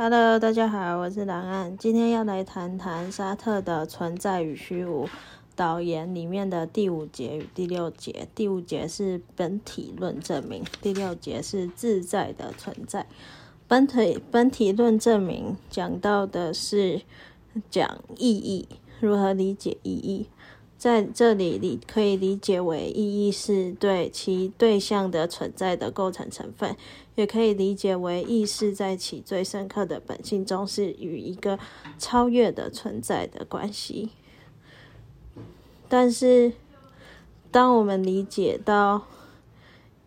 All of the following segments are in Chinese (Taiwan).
Hello，大家好，我是南岸，今天要來談談沙特的存在與虛無導言裡面的第五節與第六節。第五節是本體論證明，第六節是自在的存在。本體本體論證明講到的是講意義，如何理解意義？在這裡，你可以理解為意義是對其對象的存在的構成成分，也可以理解為意識在其最深刻的本性中是與一個超越的存在的關係。但是，當我們理解到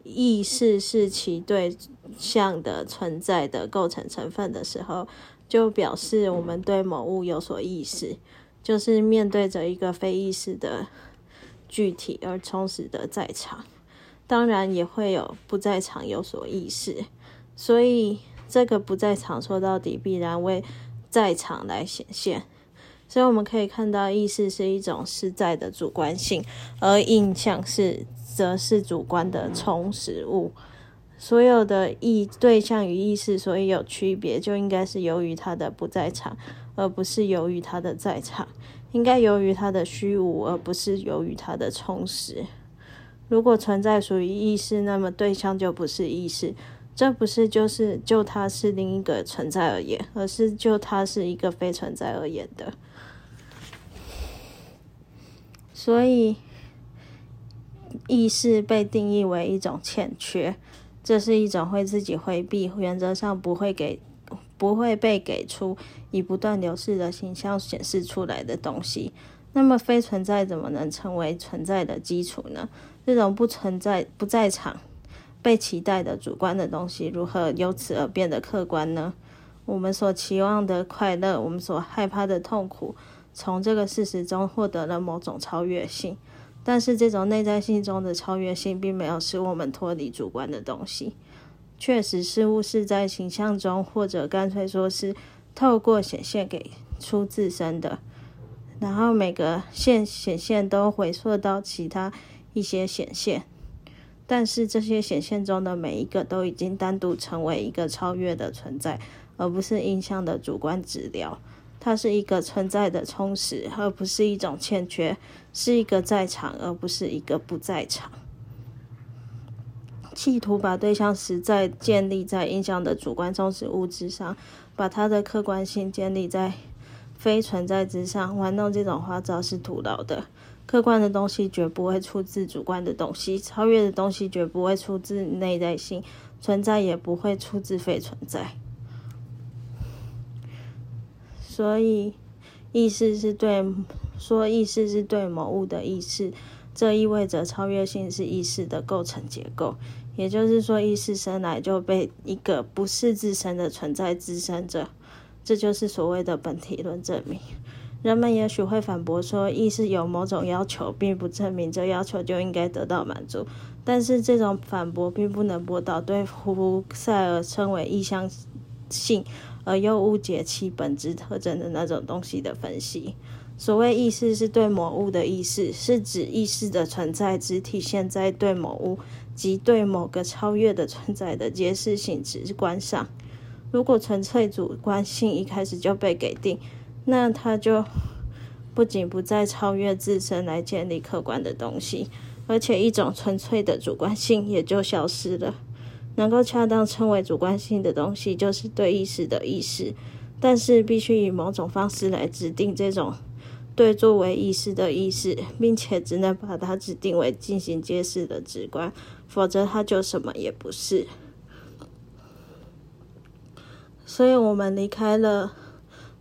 意識是其對象的存在的構成成分的時候，就表示我們對某物有所意識。就是面對着一個非意識的具體而充實的在場，當然也會有不在場有所意識，所以這個不在場說到底必然為在場來顯現。所以我們可以看到，意識是一種實在的主觀性，而印象是則是主觀的充實物。所有的意對象與意識所以有區別，就應該是由於它的不在場，而不是由於它的在場；應該由於它的虛無，而不是由於它的充實。如果存在屬於意識，那麼對象就不是意識。這不是就是就它是另一個存在而言，而是就它是一個非存在而言的。所以，意識被定義為一種欠缺。這是一種會自己回避，原則上不會給，不會被給出，以不斷流逝的形象顯示出來的東西。那麼，非存在怎麼能成為存在的基礎呢？這種不存在、不在場、被期待的主觀的東西，如何由此而變得客觀呢？我們所期望的快樂，我們所害怕的痛苦，從這個事實中獲得了某種超越性。但是這種內在性中的超越性，並沒有使我們脫離主觀的東西。確實，事物是在形象中，或者乾脆說是透過顯現給出自身的。然後每個現顯現都回溯到其他一些顯現，但是這些顯現中的每一個都已經單獨成為一個超越的存在，而不是印象的主觀資料。它是一個存在的充實，而不是一種欠缺；是一個在場，而不是一個不在場。企圖把對象實在建立在印象的主觀充實物之上，把它的客觀性建立在非存在之上，玩弄這種花招是徒勞的。客觀的東西絕不會出自主觀的東西，超越的東西絕不會出自內在性，存在也不會出自非存在。所以，意識是對說，意識是對某物的意識，這意味着超越性是意識的構成結構。也就是說，意識生來就被一個不是自身的存在支撐著，這就是所謂的本體論證明。人們也許會反駁說，意識有某種要求，並不證明這要求就應該得到滿足。但是，這種反駁並不能駁倒對胡塞爾稱為意向性。而又誤解其本質特徵的那種東西的分析。所謂意識是對某物的意識，是指意識的存在只體現在對某物及對某個超越的存在的揭示性直觀上。如果純粹主觀性一開始就被給定，那它就不僅不再超越自身來建立客觀的東西，而且一種純粹的主觀性也就消失了。能夠恰當稱為主觀性的東西，就是對意識的意識，但是必須以某種方式來指定這種對作為意識的意識，並且只能把它指定為進行揭示的直觀，否則它就什麼也不是。所以我們離開了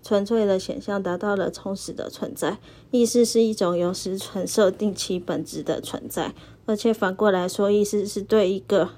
純粹的顯象，達到了充實的存在。意識是一種由實存設定其本質的存在，而且反過來說，意識是對一個。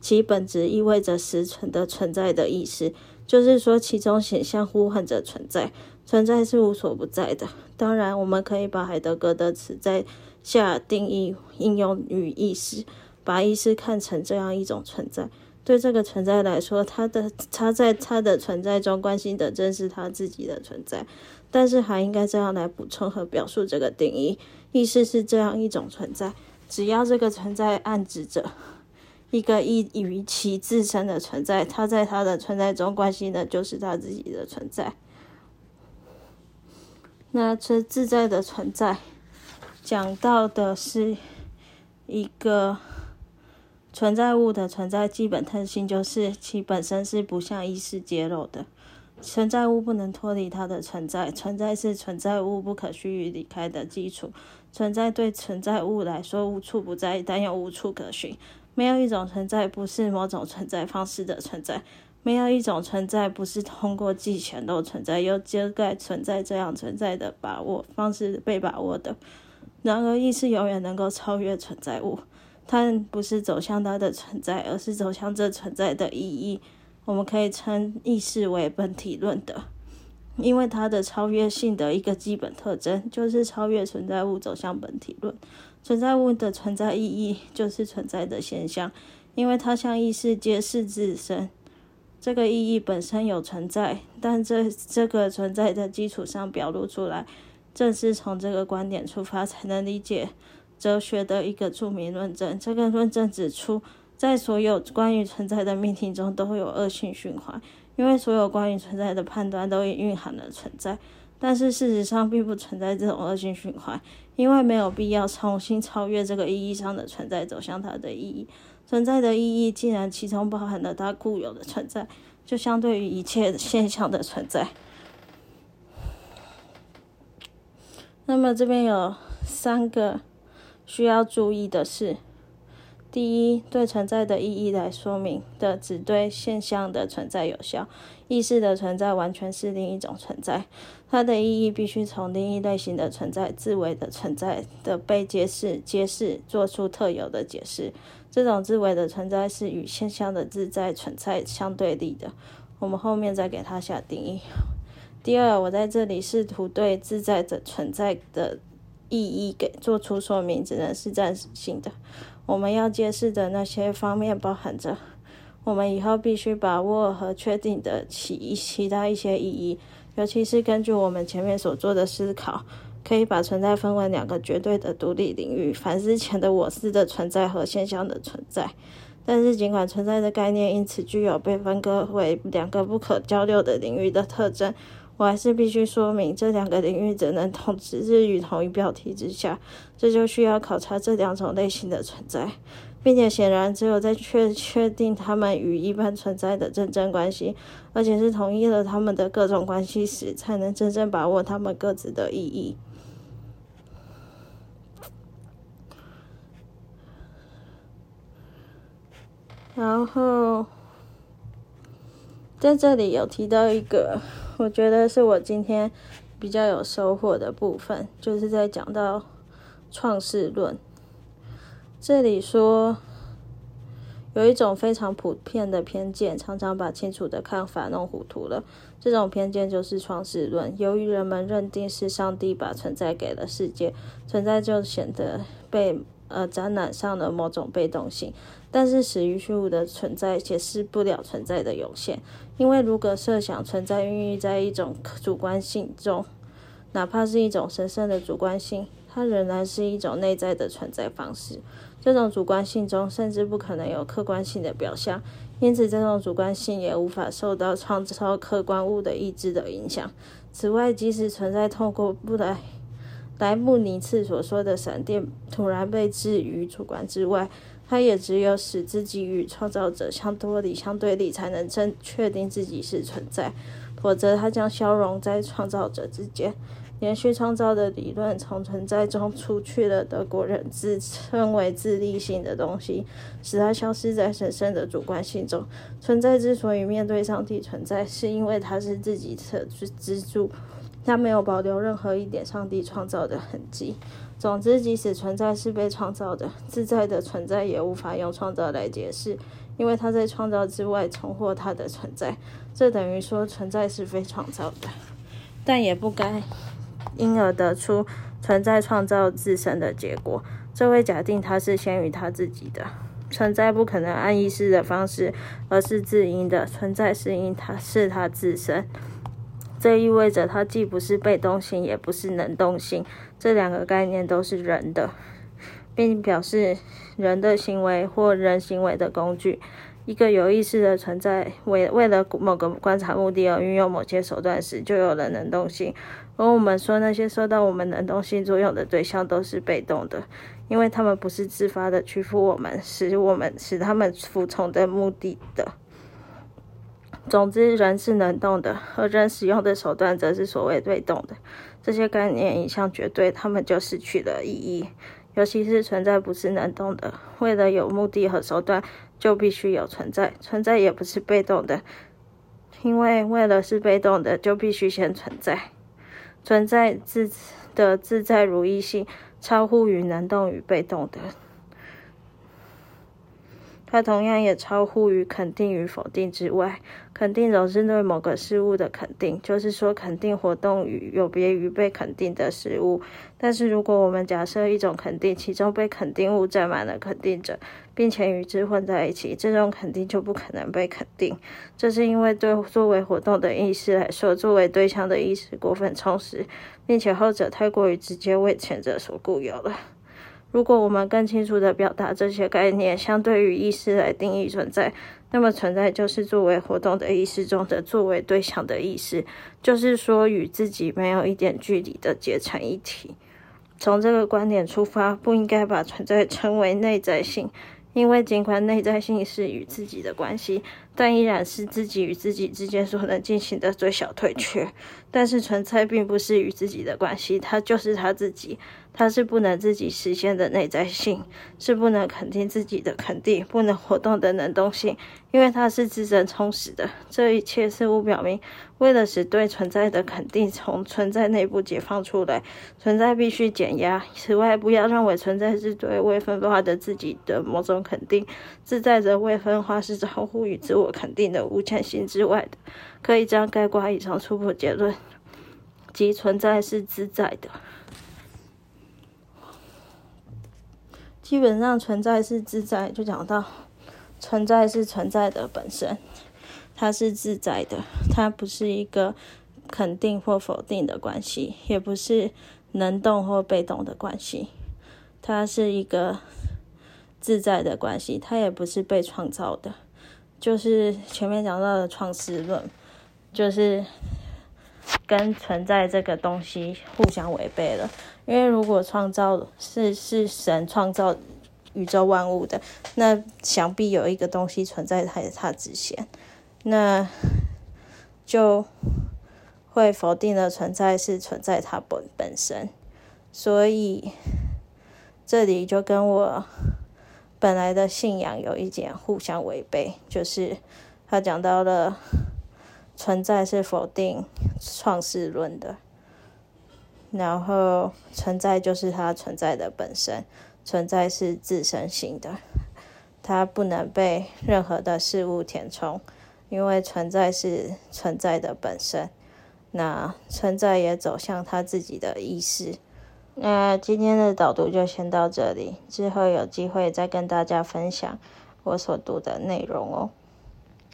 其本質意味着實存的存在的意思，就是說，其中顯象呼喚着存在，存在是無所不在的。當然，我們可以把海德格的“此在”下定義，應用於意識，把意識看成這樣一種存在。對這個存在來說，他的他在他的存在中關心的正是他自己的存在，但是還應該這樣來補充和表述這個定義：意識是這樣一種存在，只要這個存在暗指着。一個異於其自身的存在，它在它的存在中關心的就是它自己的存在。那存自在的存在，講到的是一個存在物的存在基本特性，就是其本身是不向意識揭露的。存在物不能脫離它的存在，存在是存在物不可須臾離開的基礎。存在對存在物來說無處不在，但又無處可尋。沒有一種存在不是某種存在方式的存在，沒有一種存在不是通過既全都存在又遮蓋存在這樣存在的把握方式被把握的。然而，意識永遠能夠超越存在物，它不是走向它的存在，而是走向這存在的意義。我們可以稱意識為本體論的。因為它的超越性的一個基本特徵，就是超越存在物走向本體論。存在物的存在意義就是存在的現象，因為它向意識揭示自身。這個意義本身有存在，但這這個存在的基礎上表露出來，正是從這個觀點出發才能理解哲學的一個著名論證。這個論證指出，在所有關於存在的命題中，都會有惡性循環。因為所有關於存在的判斷都已蘊含了存在，但是事實上並不存在這種惡性循環，因為沒有必要重新超越這個意義上的存在，走向它的意義。存在的意義既然其中包含了它固有的存在，就相對於一切現象的存在。那麼這邊有三個需要注意的是，第一，對存在的意義來說明的，只對現象的存在有效，意識的存在完全是另一種存在，它的意義必須從另一類型的存在，自為的存在，的被揭示、揭示，做出特有的解釋。這種自為的存在是與現象的自在存在相對立的。我們後面再給它下定義。第二，我在這裡試圖對自在的存在的意義給做出說明，只能是暫時性的。我們要揭示的那些方面，包含着我們以後必須把握和確定的其其他一些意義，尤其是根據我們前面所做的思考，可以把存在分為兩個絕對的獨立領域：反思前的我思的存在和現象的存在。但是，儘管存在的概念因此具有被分割為兩個不可交流的領域的特徵。我還是必須說明，這兩個領域只能同置於同一標題之下，這就需要考察這兩種類型的存在，並且顯然只有在確確定他們與一般存在的真正關係，而且是同意了他們的各種關係時，才能真正把握他們各自的意義。然後在這裡有提到一個。我覺得是我今天比較有收穫的部分，就是在講到創世論。這裡說，有一種非常普遍的偏見，常常把清楚的看法弄糊塗了。這種偏見就是創世論，由於人們認定是上帝把存在給了世界，存在就顯得被。呃，展覽上的某種被動性，但是始於虛無的存在解釋不了存在的湧現。因為如果設想存在孕育在一種主觀性中，哪怕是一種神聖的主觀性，它仍然是一種內在的存在方式。這種主觀性中，甚至不可能有客觀性的表象，因此這種主觀性也無法受到創造客觀物的意志的影響。此外，即使存在透過不來。萊姆尼茨所說的閃電突然被置於主觀之外，他也只有使自己與創造者相脫離、相對立，才能真確定自己是存在，否則他將消融在創造者之間。連續創造的理論從存在中除去了德國人自稱為自立性的東西，使它消失在神聖的主觀性中。存在之所以面對上帝存在，是因為它是自己的支柱，它沒有保留任何一點上帝創造的痕跡。總之，即使存在是被創造的，自在的存在也無法用創造來解釋，因為它在創造之外重获它的存在。這等於說存在是非創造的，但也不該。因而得出存在創造自身的結果。這位假定它是先於他自己的存在，不可能按意識的方式，而是自因的存在是因它是它自身。這意味着它既不是被動性，也不是能動性。這兩個概念都是人的，並表示人的行為或人行為的工具。一個有意識的存在為為了某個觀察目的而運用某些手段時，就有了能動性。跟我們說，那些受到我們能動性作用的對象都是被動的，因為他們不是自發的屈服我們，使我們使他們服從的目的的。總之，人是能動的，而人使用的手段則是所謂被動的。這些概念一引向絕對，他們就失去了意義。尤其是存在不是能動的，為了有目的和手段，就必須有存在。存在也不是被動的，因為為了是被動的，就必須先存在。存在自的自在如意性，超乎於能動與被動的。它同樣也超乎於肯定與否定之外。肯定總是對某個事物的肯定，就是說，肯定活動與有別於被肯定的事物。但是，如果我們假設一種肯定，其中被肯定物占滿了肯定者，並且與之混在一起，這種肯定就不可能被肯定。這是因為，對作為活動的意識來說，作為對象的意識過分充實，並且後者太過於直接為前者所固有了。如果我們更清楚的表達這些概念，相對於意識來定義存在，那麼存在就是作為活動的意識中的作為對象的意識，就是說與自己沒有一點距離的結成一體。從這個觀點出發，不應該把存在稱為內在性，因為儘管內在性是與自己的關係，但依然是自己與自己之間所能進行的最小退卻。但是存在並不是與自己的關係，它就是它自己。它是不能自己實現的內在性，是不能肯定自己的肯定，不能活動的能動性，因為它是自身充實的。這一切事物表明，為了使對存在的肯定從存在內部解放出來，存在必須減壓。此外，不要認為存在是對未分，分化的自己的某種肯定，自在的未分化是超乎於自我肯定的無限性之外的。可以這樣概括以上初步結論，即存在是自在的。基本上存在是自在，就講到存在是存在的本身，它是自在的，它不是一個肯定或否定的關係，也不是能動或被動的關係，它是一個自在的關係，它也不是被創造的，就是前面講到的創世論，就是。跟存在這個東西互相違背了，因為如果創造是是神創造宇宙萬物的，那想必有一個東西存在，在他還是它之前，那就會否定的存在是存在它本本身，所以這裡就跟我本來的信仰有一點互相違背，就是他講到了。存在是否定創世論的，然後存在就是它存在的本身，存在是自身性的，它不能被任何的事物填充，因為存在是存在的本身，那存在也走向它自己的意識。那、呃、今天的導讀就先到這裡，之後有機會再跟大家分享我所讀的內容哦。